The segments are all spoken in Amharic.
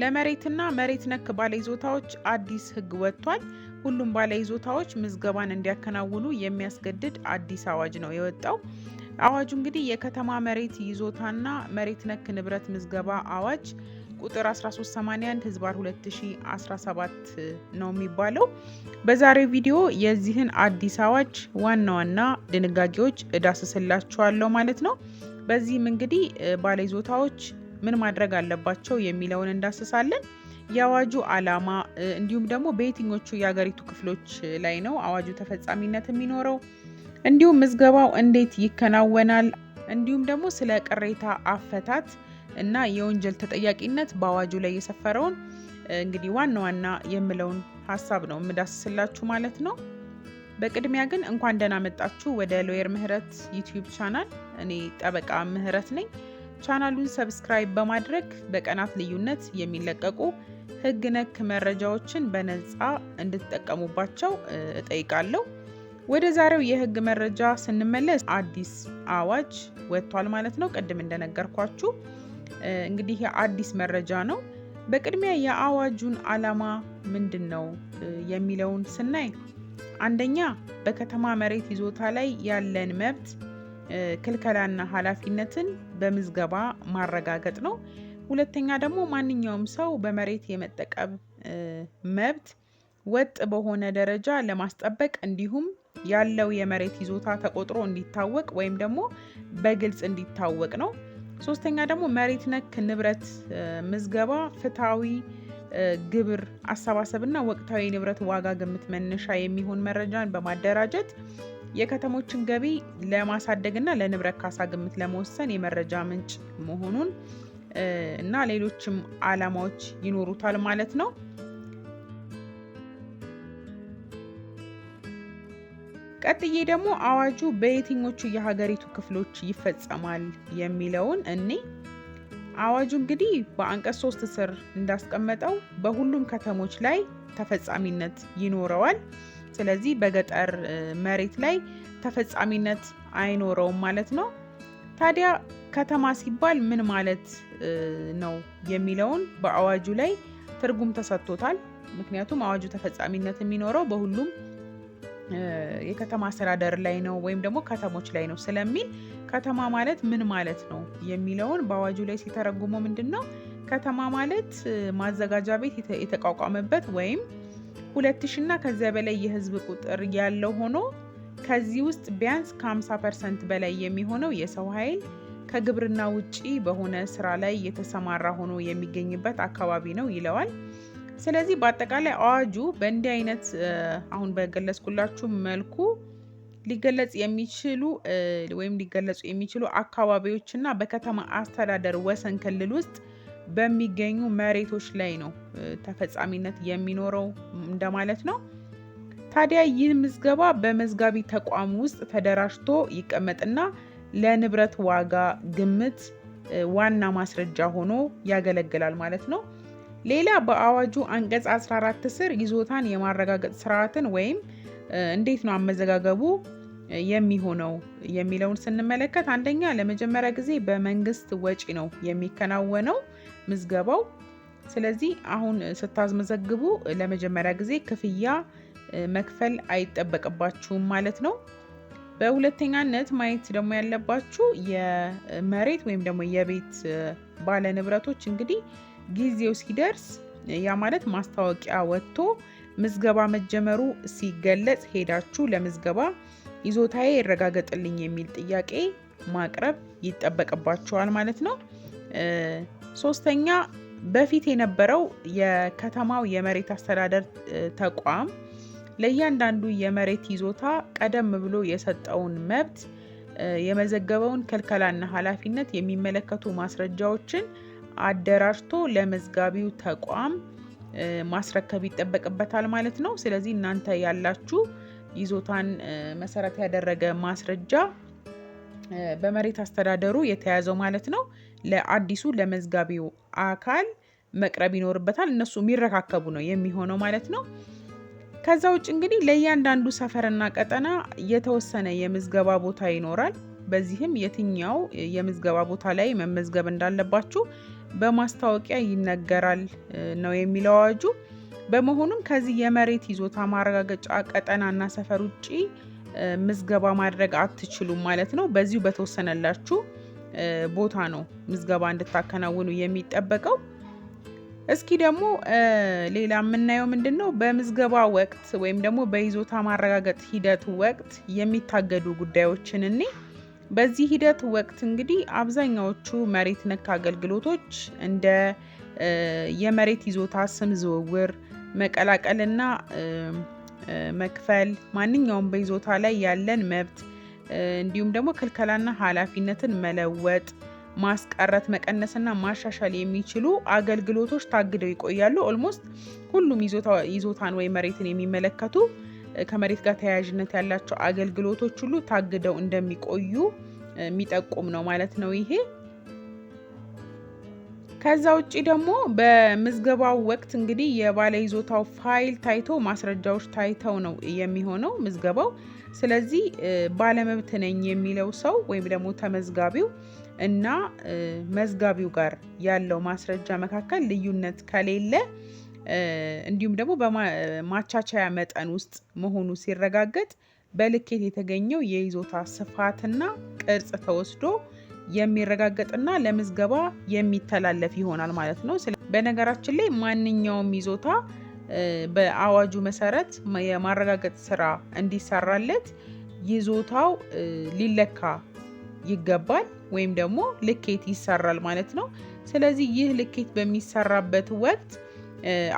ለመሬትና መሬት ነክ ባለይዞታዎች አዲስ ህግ ወጥቷል። ሁሉም ባለይዞታዎች ምዝገባን እንዲያከናውኑ የሚያስገድድ አዲስ አዋጅ ነው የወጣው። አዋጁ እንግዲህ የከተማ መሬት ይዞታና መሬት ነክ ንብረት ምዝገባ አዋጅ ቁጥር 1381 ህዝባር 2017 ነው የሚባለው። በዛሬው ቪዲዮ የዚህን አዲስ አዋጅ ዋና ዋና ድንጋጌዎች እዳስስላችኋለሁ ማለት ነው። በዚህም እንግዲህ ባለይዞታዎች ምን ማድረግ አለባቸው የሚለውን እንዳስሳለን። የአዋጁ ዓላማ እንዲሁም ደግሞ በየትኞቹ የሀገሪቱ ክፍሎች ላይ ነው አዋጁ ተፈጻሚነት የሚኖረው፣ እንዲሁም ምዝገባው እንዴት ይከናወናል፣ እንዲሁም ደግሞ ስለ ቅሬታ አፈታት እና የወንጀል ተጠያቂነት በአዋጁ ላይ የሰፈረውን እንግዲህ ዋና ዋና የምለውን ሀሳብ ነው የምዳስስላችሁ ማለት ነው። በቅድሚያ ግን እንኳን ደህና መጣችሁ ወደ ሎየር ምህረት ዩቲዩብ ቻናል። እኔ ጠበቃ ምህረት ነኝ። ቻናሉን ሰብስክራይብ በማድረግ በቀናት ልዩነት የሚለቀቁ ህግ ነክ መረጃዎችን በነፃ እንድትጠቀሙባቸው እጠይቃለሁ። ወደ ዛሬው የህግ መረጃ ስንመለስ አዲስ አዋጅ ወጥቷል ማለት ነው። ቅድም እንደነገርኳችሁ እንግዲህ አዲስ መረጃ ነው። በቅድሚያ የአዋጁን ዓላማ ምንድን ነው የሚለውን ስናይ አንደኛ በከተማ መሬት ይዞታ ላይ ያለን መብት ክልከላና ኃላፊነትን በምዝገባ ማረጋገጥ ነው። ሁለተኛ ደግሞ ማንኛውም ሰው በመሬት የመጠቀም መብት ወጥ በሆነ ደረጃ ለማስጠበቅ እንዲሁም ያለው የመሬት ይዞታ ተቆጥሮ እንዲታወቅ ወይም ደግሞ በግልጽ እንዲታወቅ ነው። ሶስተኛ ደግሞ መሬት ነክ ንብረት ምዝገባ ፍትሐዊ ግብር አሰባሰብና ወቅታዊ ንብረት ዋጋ ግምት መነሻ የሚሆን መረጃን በማደራጀት የከተሞችን ገቢ ለማሳደግና ለንብረት ካሳ ግምት ለመወሰን የመረጃ ምንጭ መሆኑን እና ሌሎችም ዓላማዎች ይኖሩታል ማለት ነው። ቀጥዬ ደግሞ አዋጁ በየትኞቹ የሀገሪቱ ክፍሎች ይፈጸማል የሚለውን እኔ አዋጁ እንግዲህ በአንቀጽ ሶስት ስር እንዳስቀመጠው በሁሉም ከተሞች ላይ ተፈጻሚነት ይኖረዋል። ስለዚህ በገጠር መሬት ላይ ተፈጻሚነት አይኖረውም ማለት ነው። ታዲያ ከተማ ሲባል ምን ማለት ነው የሚለውን በአዋጁ ላይ ትርጉም ተሰጥቶታል። ምክንያቱም አዋጁ ተፈጻሚነት የሚኖረው በሁሉም የከተማ አስተዳደር ላይ ነው ወይም ደግሞ ከተሞች ላይ ነው ስለሚል ከተማ ማለት ምን ማለት ነው የሚለውን በአዋጁ ላይ ሲተረጉመው ምንድን ነው ከተማ ማለት ማዘጋጃ ቤት የተቋቋመበት ወይም ሁለት ሺ እና ከዚያ በላይ የህዝብ ቁጥር ያለው ሆኖ ከዚህ ውስጥ ቢያንስ ከ50 ፐርሰንት በላይ የሚሆነው የሰው ኃይል ከግብርና ውጪ በሆነ ስራ ላይ የተሰማራ ሆኖ የሚገኝበት አካባቢ ነው ይለዋል። ስለዚህ በአጠቃላይ አዋጁ በእንዲህ አይነት አሁን በገለጽኩላችሁ መልኩ ሊገለጽ የሚችሉ ወይም ሊገለጹ የሚችሉ አካባቢዎችና በከተማ አስተዳደር ወሰን ክልል ውስጥ በሚገኙ መሬቶች ላይ ነው ተፈጻሚነት የሚኖረው እንደማለት ነው። ታዲያ ይህ ምዝገባ በመዝጋቢ ተቋም ውስጥ ተደራጅቶ ይቀመጥና ለንብረት ዋጋ ግምት ዋና ማስረጃ ሆኖ ያገለግላል ማለት ነው። ሌላ በአዋጁ አንቀጽ 14 ስር ይዞታን የማረጋገጥ ስርዓትን ወይም እንዴት ነው አመዘጋገቡ የሚሆነው የሚለውን ስንመለከት አንደኛ ለመጀመሪያ ጊዜ በመንግስት ወጪ ነው የሚከናወነው። ምዝገባው። ስለዚህ አሁን ስታስመዘግቡ ለመጀመሪያ ጊዜ ክፍያ መክፈል አይጠበቅባችሁም ማለት ነው። በሁለተኛነት ማየት ደግሞ ያለባችሁ የመሬት ወይም ደግሞ የቤት ባለ ንብረቶች እንግዲህ ጊዜው ሲደርስ ያ ማለት ማስታወቂያ ወጥቶ ምዝገባ መጀመሩ ሲገለጽ ሄዳችሁ ለምዝገባ ይዞታዬ ይረጋገጥልኝ የሚል ጥያቄ ማቅረብ ይጠበቅባችኋል ማለት ነው። ሶስተኛ በፊት የነበረው የከተማው የመሬት አስተዳደር ተቋም ለእያንዳንዱ የመሬት ይዞታ ቀደም ብሎ የሰጠውን መብት የመዘገበውን ክልከላና ኃላፊነት የሚመለከቱ ማስረጃዎችን አደራጅቶ ለመዝጋቢው ተቋም ማስረከብ ይጠበቅበታል ማለት ነው። ስለዚህ እናንተ ያላችሁ ይዞታን መሰረት ያደረገ ማስረጃ በመሬት አስተዳደሩ የተያዘው ማለት ነው። ለአዲሱ ለመዝጋቢው አካል መቅረብ ይኖርበታል። እነሱ የሚረካከቡ ነው የሚሆነው ማለት ነው። ከዛ ውጭ እንግዲህ ለእያንዳንዱ ሰፈርና ቀጠና የተወሰነ የምዝገባ ቦታ ይኖራል። በዚህም የትኛው የምዝገባ ቦታ ላይ መመዝገብ እንዳለባችሁ በማስታወቂያ ይነገራል ነው የሚለው አዋጁ። በመሆኑም ከዚህ የመሬት ይዞታ ማረጋገጫ ቀጠናና ሰፈር ውጪ ምዝገባ ማድረግ አትችሉም ማለት ነው በዚሁ በተወሰነላችሁ ቦታ ነው ምዝገባ እንድታከናውኑ የሚጠበቀው። እስኪ ደግሞ ሌላ የምናየው ምንድን ነው? በምዝገባ ወቅት ወይም ደግሞ በይዞታ ማረጋገጥ ሂደት ወቅት የሚታገዱ ጉዳዮችን እኔ በዚህ ሂደት ወቅት እንግዲህ አብዛኛዎቹ መሬት ነክ አገልግሎቶች እንደ የመሬት ይዞታ ስም ዝውውር መቀላቀልና መክፈል ማንኛውም በይዞታ ላይ ያለን መብት እንዲሁም ደግሞ ክልከላና ኃላፊነትን መለወጥ ማስቀረት መቀነስና ማሻሻል የሚችሉ አገልግሎቶች ታግደው ይቆያሉ። ኦልሞስት ሁሉም ይዞታን ወይ መሬትን የሚመለከቱ ከመሬት ጋር ተያያዥነት ያላቸው አገልግሎቶች ሁሉ ታግደው እንደሚቆዩ የሚጠቁም ነው ማለት ነው ይሄ ከዛ ውጭ ደግሞ በምዝገባው ወቅት እንግዲህ የባለ ይዞታው ፋይል ታይቶ ማስረጃዎች ታይተው ነው የሚሆነው ምዝገባው። ስለዚህ ባለመብት ነኝ የሚለው ሰው ወይም ደግሞ ተመዝጋቢው እና መዝጋቢው ጋር ያለው ማስረጃ መካከል ልዩነት ከሌለ እንዲሁም ደግሞ በማቻቻያ መጠን ውስጥ መሆኑ ሲረጋገጥ በልኬት የተገኘው የይዞታ ስፋትና ቅርጽ ተወስዶ የሚረጋገጥና ለምዝገባ የሚተላለፍ ይሆናል ማለት ነው። በነገራችን ላይ ማንኛውም ይዞታ በአዋጁ መሰረት የማረጋገጥ ስራ እንዲሰራለት ይዞታው ሊለካ ይገባል ወይም ደግሞ ልኬት ይሰራል ማለት ነው። ስለዚህ ይህ ልኬት በሚሰራበት ወቅት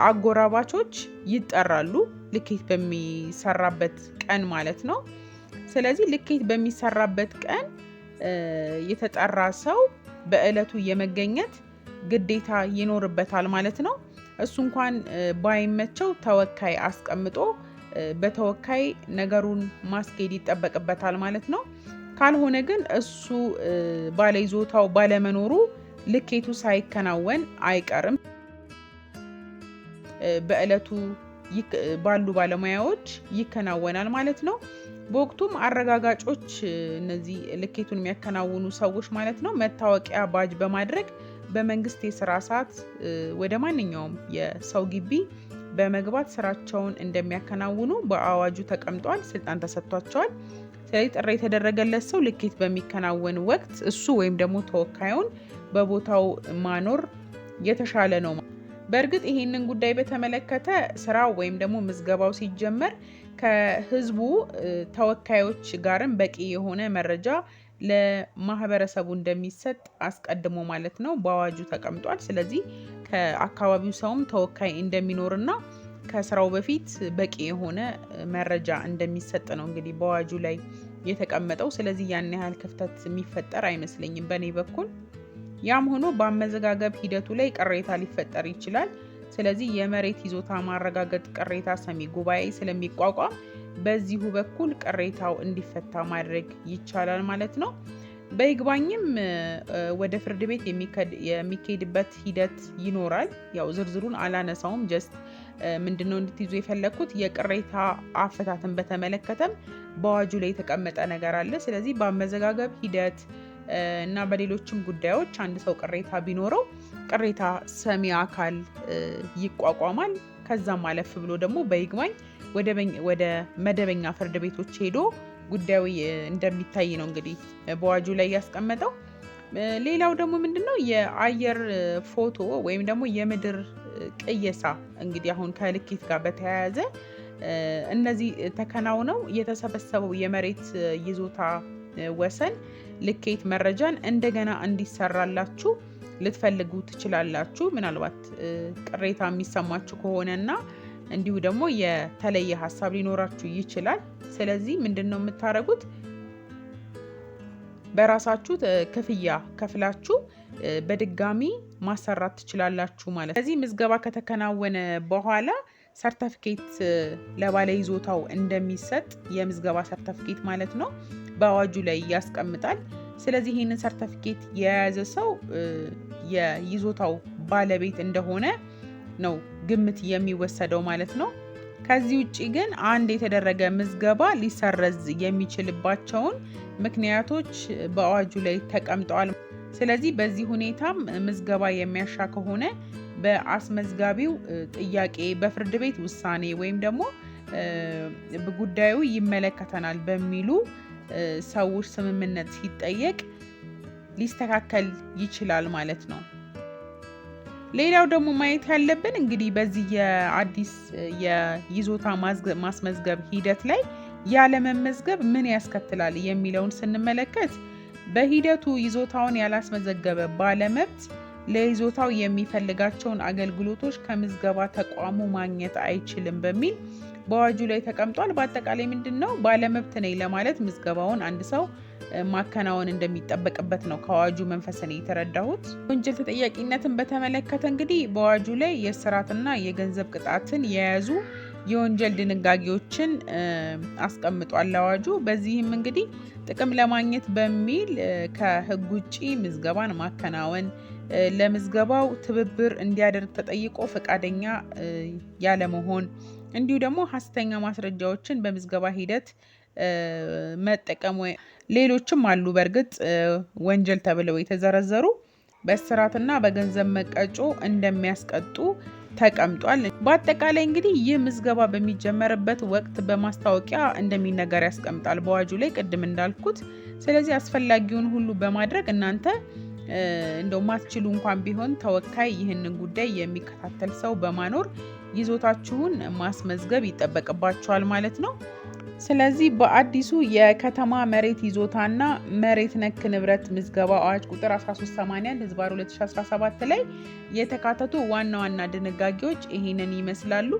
አጎራባቾች ይጠራሉ፣ ልኬት በሚሰራበት ቀን ማለት ነው። ስለዚህ ልኬት በሚሰራበት ቀን የተጠራ ሰው በእለቱ የመገኘት ግዴታ ይኖርበታል ማለት ነው። እሱ እንኳን ባይመቸው ተወካይ አስቀምጦ በተወካይ ነገሩን ማስኬድ ይጠበቅበታል ማለት ነው። ካልሆነ ግን እሱ ባለይዞታው ባለመኖሩ ልኬቱ ሳይከናወን አይቀርም። በእለቱ ባሉ ባለሙያዎች ይከናወናል ማለት ነው። በወቅቱም አረጋጋጮች እነዚህ ልኬቱን የሚያከናውኑ ሰዎች ማለት ነው መታወቂያ ባጅ በማድረግ በመንግስት የስራ ሰዓት ወደ ማንኛውም የሰው ግቢ በመግባት ስራቸውን እንደሚያከናውኑ በአዋጁ ተቀምጧል፣ ስልጣን ተሰጥቷቸዋል። ስለዚህ ጥሪ የተደረገለት ሰው ልኬት በሚከናወን ወቅት እሱ ወይም ደግሞ ተወካዩን በቦታው ማኖር የተሻለ ነው። በእርግጥ ይሄንን ጉዳይ በተመለከተ ስራው ወይም ደግሞ ምዝገባው ሲጀመር ከህዝቡ ተወካዮች ጋርም በቂ የሆነ መረጃ ለማህበረሰቡ እንደሚሰጥ አስቀድሞ ማለት ነው በአዋጁ ተቀምጧል። ስለዚህ ከአካባቢው ሰውም ተወካይ እንደሚኖርና ከስራው በፊት በቂ የሆነ መረጃ እንደሚሰጥ ነው እንግዲህ በአዋጁ ላይ የተቀመጠው። ስለዚህ ያን ያህል ክፍተት የሚፈጠር አይመስለኝም በእኔ በኩል። ያም ሆኖ በአመዘጋገብ ሂደቱ ላይ ቅሬታ ሊፈጠር ይችላል። ስለዚህ የመሬት ይዞታ ማረጋገጥ ቅሬታ ሰሚ ጉባኤ ስለሚቋቋም በዚሁ በኩል ቅሬታው እንዲፈታ ማድረግ ይቻላል ማለት ነው። በይግባኝም ወደ ፍርድ ቤት የሚካሄድበት ሂደት ይኖራል። ያው ዝርዝሩን አላነሳውም። ጀስት ምንድነው እንድትይዙ የፈለግኩት የቅሬታ አፈታትን በተመለከተም በአዋጁ ላይ የተቀመጠ ነገር አለ። ስለዚህ በአመዘጋገብ ሂደት እና በሌሎችም ጉዳዮች አንድ ሰው ቅሬታ ቢኖረው ቅሬታ ሰሚ አካል ይቋቋማል። ከዛም አለፍ ብሎ ደግሞ በይግባኝ ወደ መደበኛ ፍርድ ቤቶች ሄዶ ጉዳዩ እንደሚታይ ነው እንግዲህ በዋጁ ላይ ያስቀመጠው። ሌላው ደግሞ ምንድነው የአየር ፎቶ ወይም ደግሞ የምድር ቅየሳ እንግዲህ አሁን ከልኬት ጋር በተያያዘ እነዚህ ተከናውነው የተሰበሰበው የመሬት ይዞታ ወሰን ልኬት መረጃን እንደገና እንዲሰራላችሁ ልትፈልጉ ትችላላችሁ። ምናልባት ቅሬታ የሚሰማችሁ ከሆነና እንዲሁ ደግሞ የተለየ ሀሳብ ሊኖራችሁ ይችላል። ስለዚህ ምንድን ነው የምታደርጉት? በራሳችሁ ክፍያ ከፍላችሁ በድጋሚ ማሰራት ትችላላችሁ ማለት ነው። ምዝገባ ከተከናወነ በኋላ ሰርተፍኬት ለባለይዞታው እንደሚሰጥ የምዝገባ ሰርተፍኬት ማለት ነው በአዋጁ ላይ ያስቀምጣል። ስለዚህ ይህንን ሰርተፊኬት የያዘ ሰው የይዞታው ባለቤት እንደሆነ ነው ግምት የሚወሰደው ማለት ነው። ከዚህ ውጭ ግን አንድ የተደረገ ምዝገባ ሊሰረዝ የሚችልባቸውን ምክንያቶች በአዋጁ ላይ ተቀምጠዋል። ስለዚህ በዚህ ሁኔታም ምዝገባ የሚያሻ ከሆነ በአስመዝጋቢው ጥያቄ በፍርድ ቤት ውሳኔ ወይም ደግሞ ጉዳዩ ይመለከተናል በሚሉ ሰዎች ስምምነት ሲጠየቅ ሊስተካከል ይችላል ማለት ነው። ሌላው ደግሞ ማየት ያለብን እንግዲህ በዚህ የአዲስ የይዞታ ማስመዝገብ ሂደት ላይ ያለመመዝገብ ምን ያስከትላል የሚለውን ስንመለከት በሂደቱ ይዞታውን ያላስመዘገበ ባለመብት ለይዞታው የሚፈልጋቸውን አገልግሎቶች ከምዝገባ ተቋሙ ማግኘት አይችልም በሚል በአዋጁ ላይ ተቀምጧል። በአጠቃላይ ምንድን ነው ባለመብት ነኝ ለማለት ምዝገባውን አንድ ሰው ማከናወን እንደሚጠበቅበት ነው ከአዋጁ መንፈስ ነው የተረዳሁት። ወንጀል ተጠያቂነትን በተመለከተ እንግዲህ በአዋጁ ላይ የእስራትና የገንዘብ ቅጣትን የያዙ የወንጀል ድንጋጌዎችን አስቀምጧል አዋጁ። በዚህም እንግዲህ ጥቅም ለማግኘት በሚል ከህግ ውጭ ምዝገባን ማከናወን፣ ለምዝገባው ትብብር እንዲያደርግ ተጠይቆ ፈቃደኛ ያለመሆን እንዲሁ ደግሞ ሀሰተኛ ማስረጃዎችን በምዝገባ ሂደት መጠቀም ሌሎችም አሉ። በእርግጥ ወንጀል ተብለው የተዘረዘሩ በእስራትና በገንዘብ መቀጮ እንደሚያስቀጡ ተቀምጧል። በአጠቃላይ እንግዲህ ይህ ምዝገባ በሚጀመርበት ወቅት በማስታወቂያ እንደሚነገር ያስቀምጣል በአዋጁ ላይ ቅድም እንዳልኩት። ስለዚህ አስፈላጊውን ሁሉ በማድረግ እናንተ እንደው ማትችሉ እንኳን ቢሆን ተወካይ ይህንን ጉዳይ የሚከታተል ሰው በማኖር ይዞታችሁን ማስመዝገብ ይጠበቅባችኋል ማለት ነው። ስለዚህ በአዲሱ የከተማ መሬት ይዞታና መሬት ነክ ንብረት ምዝገባ አዋጅ ቁጥር 1381 ህዝባር 2017 ላይ የተካተቱ ዋና ዋና ድንጋጌዎች ይህንን ይመስላሉ።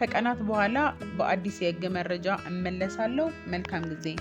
ከቀናት በኋላ በአዲስ የህግ መረጃ እመለሳለሁ። መልካም ጊዜ